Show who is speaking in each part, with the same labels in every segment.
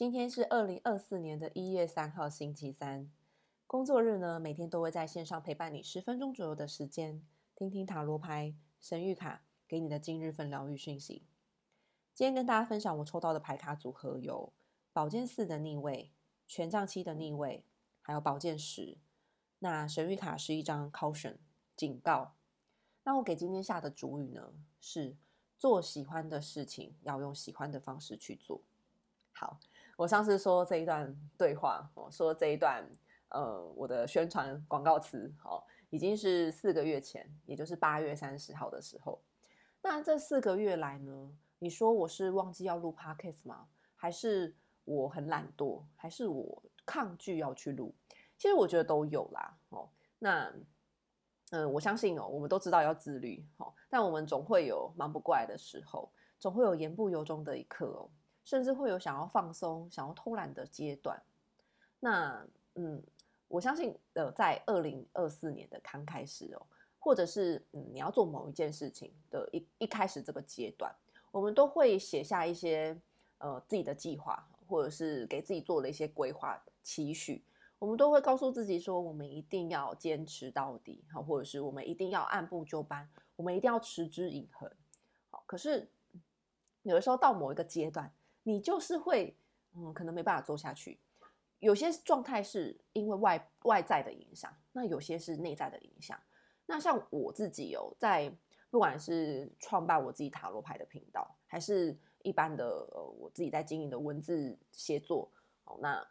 Speaker 1: 今天是二零二四年的一月三號，星期三，工作日呢，每天都會在線上陪伴你十分鐘左右的時間，聽聽塔羅牌、神諭卡給你的今日份療癒訊息。今天跟大家分享我抽到的牌卡組合有寶劍四的逆位、權杖七的逆位，還有寶劍十。那神諭卡是一張 Caution，警告。那我給今天下的主語呢，是做喜歡的事情要用喜歡的方式去做。好。我上次說這一段對話，哦，說這一段，呃，我的宣傳廣告詞，哦，已經是四個月前，也就是八月三十號的時候。那這四個月來呢？你說我是忘記要錄 Podcast 嗎？還是我很懶惰？還是我抗拒要去錄？其實我覺得都有啦，哦，那，嗯、呃，我相信哦，我們都知道要自律，哦，但我們總會有忙不過來的時候，總會有言不由衷的一刻哦。甚至會有想要放鬆、想要偷懶的階段。那，嗯，我相信呃，在二零二四年的剛開始哦，或者是嗯，你要做某一件事情的一一開始這個階段，我們都會寫下一些呃自己的計劃，或者是給自己做了一些規劃期許。我們都會告訴自己說，我們一定要堅持到底，好，或者是我們一定要按部就班，我們一定要持之以恆。好，可是有的時候到某一個階段。你就是會，嗯，可能沒辦法做下去。有些狀態是因為外外在的影響，那有些是內在的影響。那像我自己哦，在不管是創辦我自己塔羅牌的頻道，還是一般的呃我自己在經營的文字寫作，哦，那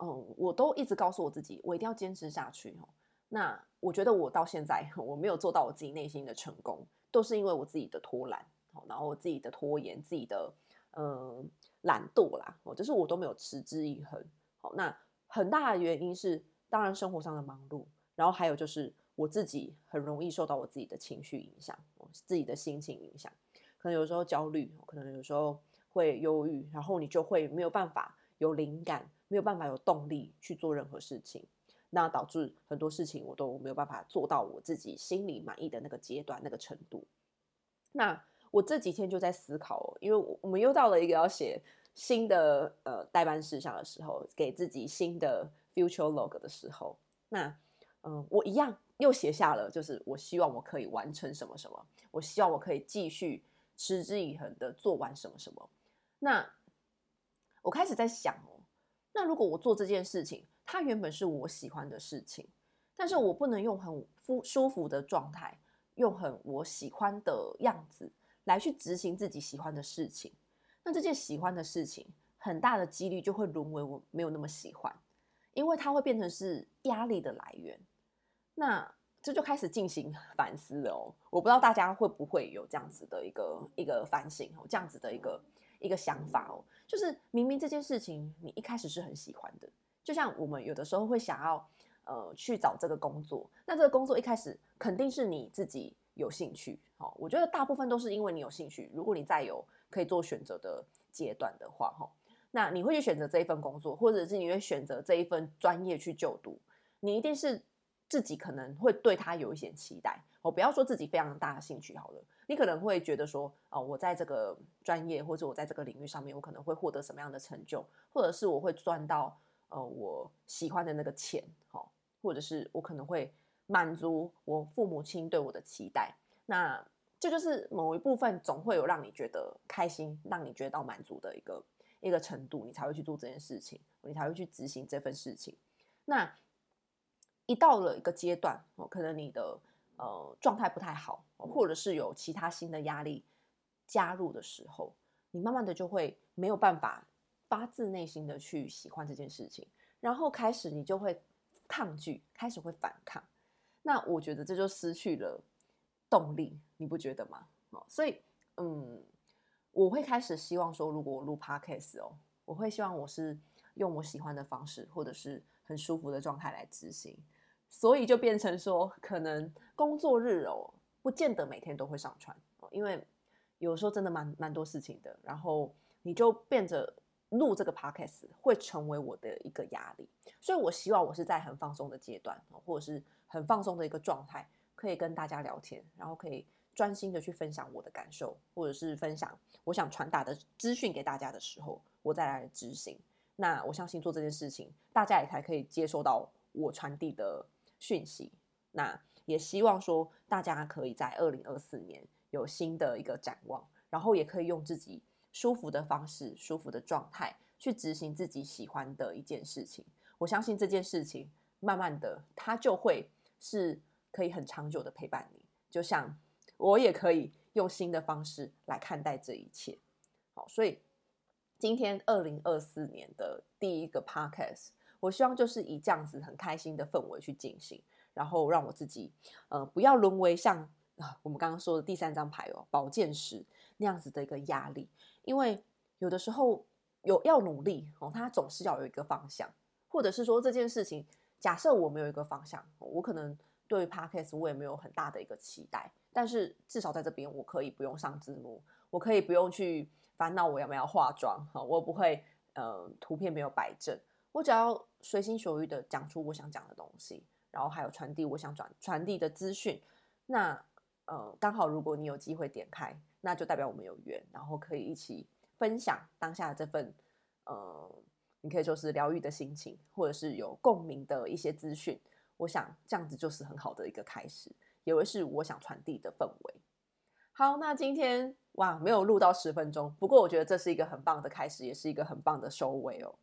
Speaker 1: 嗯，我都一直告訴我自己，我一定要堅持下去。哦，那我覺得我到現在我沒有做到我自己內心的成功，都是因為我自己的偷懶，哦，然後我自己的拖延，自己的。嗯，懶惰啦，我、哦、就是我都沒有持之以恆。好、哦，那很大的原因是，當然生活上的忙碌，然後還有就是我自己很容易受到我自己的情緒影響、哦，自己的心情影響，可能有時候焦慮，可能有時候會憂鬱，然後你就會沒有辦法有靈感，沒有辦法有動力去做任何事情，那導致很多事情我都沒有辦法做到我自己心裡滿意的那個階段，那個程度。那。我這幾天就在思考哦，因為我我們又到了一個要寫新的呃待辦事項的時候，給自己新的 future log 的時候，那嗯，我一樣又寫下了，就是我希望我可以完成什麼什麼，我希望我可以繼續持之以恆的做完什麼什麼。那我開始在想哦，那如果我做這件事情，它原本是我喜歡的事情，但是我不能用很舒服的狀態，用很我喜歡的樣子，來去執行自己喜歡的事情，那這件喜歡的事情，很大的幾率就會淪為我沒有那麼喜歡，因為它會變成是壓力的來源。那這就，就開始進行反思了哦。我不知道大家會不會有這樣子的一個一個反省哦，這樣子的一個一個想法哦，就是明明這件事情你一開始是很喜歡的，就像我們有的時候會想要呃去找這個工作，那這個工作一開始肯定是你自己。有興趣，好、哦，我覺得大部分都是因為你有興趣。如果你在有可以做選擇的階段的話，哈、哦，那你會去選擇這一份工作，或者是你會選擇這一份專業去就讀，你一定是自己可能會對他有一些期待。哦，不要說自己非常大的興趣好了，你可能會覺得說，哦，我在這個專業或者我在這個領域上面，我可能會獲得什麼樣的成就，或者是我會賺到呃我喜歡的那個錢，好、哦，或者是我可能會。滿足我父母親對我的期待，那這就，就是某一部分總會有讓你覺得開心、讓你覺得到滿足的一個一個程度，你才會去做這件事情，你才會去執行這份事情。那一到了一個階段，哦，可能你的呃狀態不太好，或者是有其他新的壓力加入的時候，你慢慢的就會沒有辦法發自內心的去喜歡這件事情，然後開始你就會抗拒，開始會反抗。那我覺得這就失去了動力，你不覺得嗎？所以嗯，我會開始希望說，如果我錄 Podcast 哦，我會希望我是用我喜歡的方式，或者是很舒服的狀態來執行。所以就變成說，可能工作日哦，不見得每天都會上傳哦，因為有時候真的蠻蠻多事情的。然後你就變着錄這個 Podcast 會成為我的一個壓力，所以我希望我是在很放鬆的階段，或者是。很放鬆的一個狀態，可以跟大家聊天，然後可以專心的去分享我的感受，或者是分享我想傳達的資訊給大家的時候，我再來執行。那我相信做這件事情，大家也才可以接收到我傳遞的訊息。那也希望說大家可以在2024年有新的一個展望，然後也可以用自己舒服的方式、舒服的狀態去執行自己喜歡的一件事情。我相信這件事情，慢慢的它就會。是可以很長久的陪伴你，就像我也可以用新的方式來看待這一切。好，所以今天二零二四年的第一個 podcast，我希望就是以這樣子很開心的氛圍去進行，然後讓我自己，呃，不要淪為像、呃、我們剛剛說的第三張牌哦，寶劍十那樣子的一個壓力，因為有的時候有要努力哦，它總是要有一個方向，或者是說這件事情。假設我沒有一個方向，我可能對於 podcast 我也沒有很大的一個期待，但是至少在這邊我可以不用上字幕，我可以不用去煩惱我要不要化妝哈，我不會嗯、呃、圖片沒有擺正，我只要隨心所欲的講出我想講的東西，然後還有傳遞我想傳傳遞的資訊，那嗯、呃，剛好如果你有機會點開，那就代表我們有緣，然後可以一起分享當下的這份嗯。呃你可以說是療癒的心情，或者是有共鳴的一些資訊，我想這樣子就是很好的一個開始，也會是我想傳遞的氛圍。好，那今天哇沒有錄到十分鐘，不過我覺得這是一個很棒的開始，也是一個很棒的收尾哦。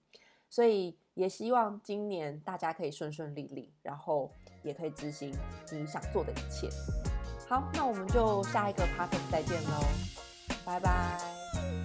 Speaker 1: 所以也希望今年大家可以順順利利，然後也可以執行你想做的一切。好，那我們就下一個 part 再見嘍，拜拜。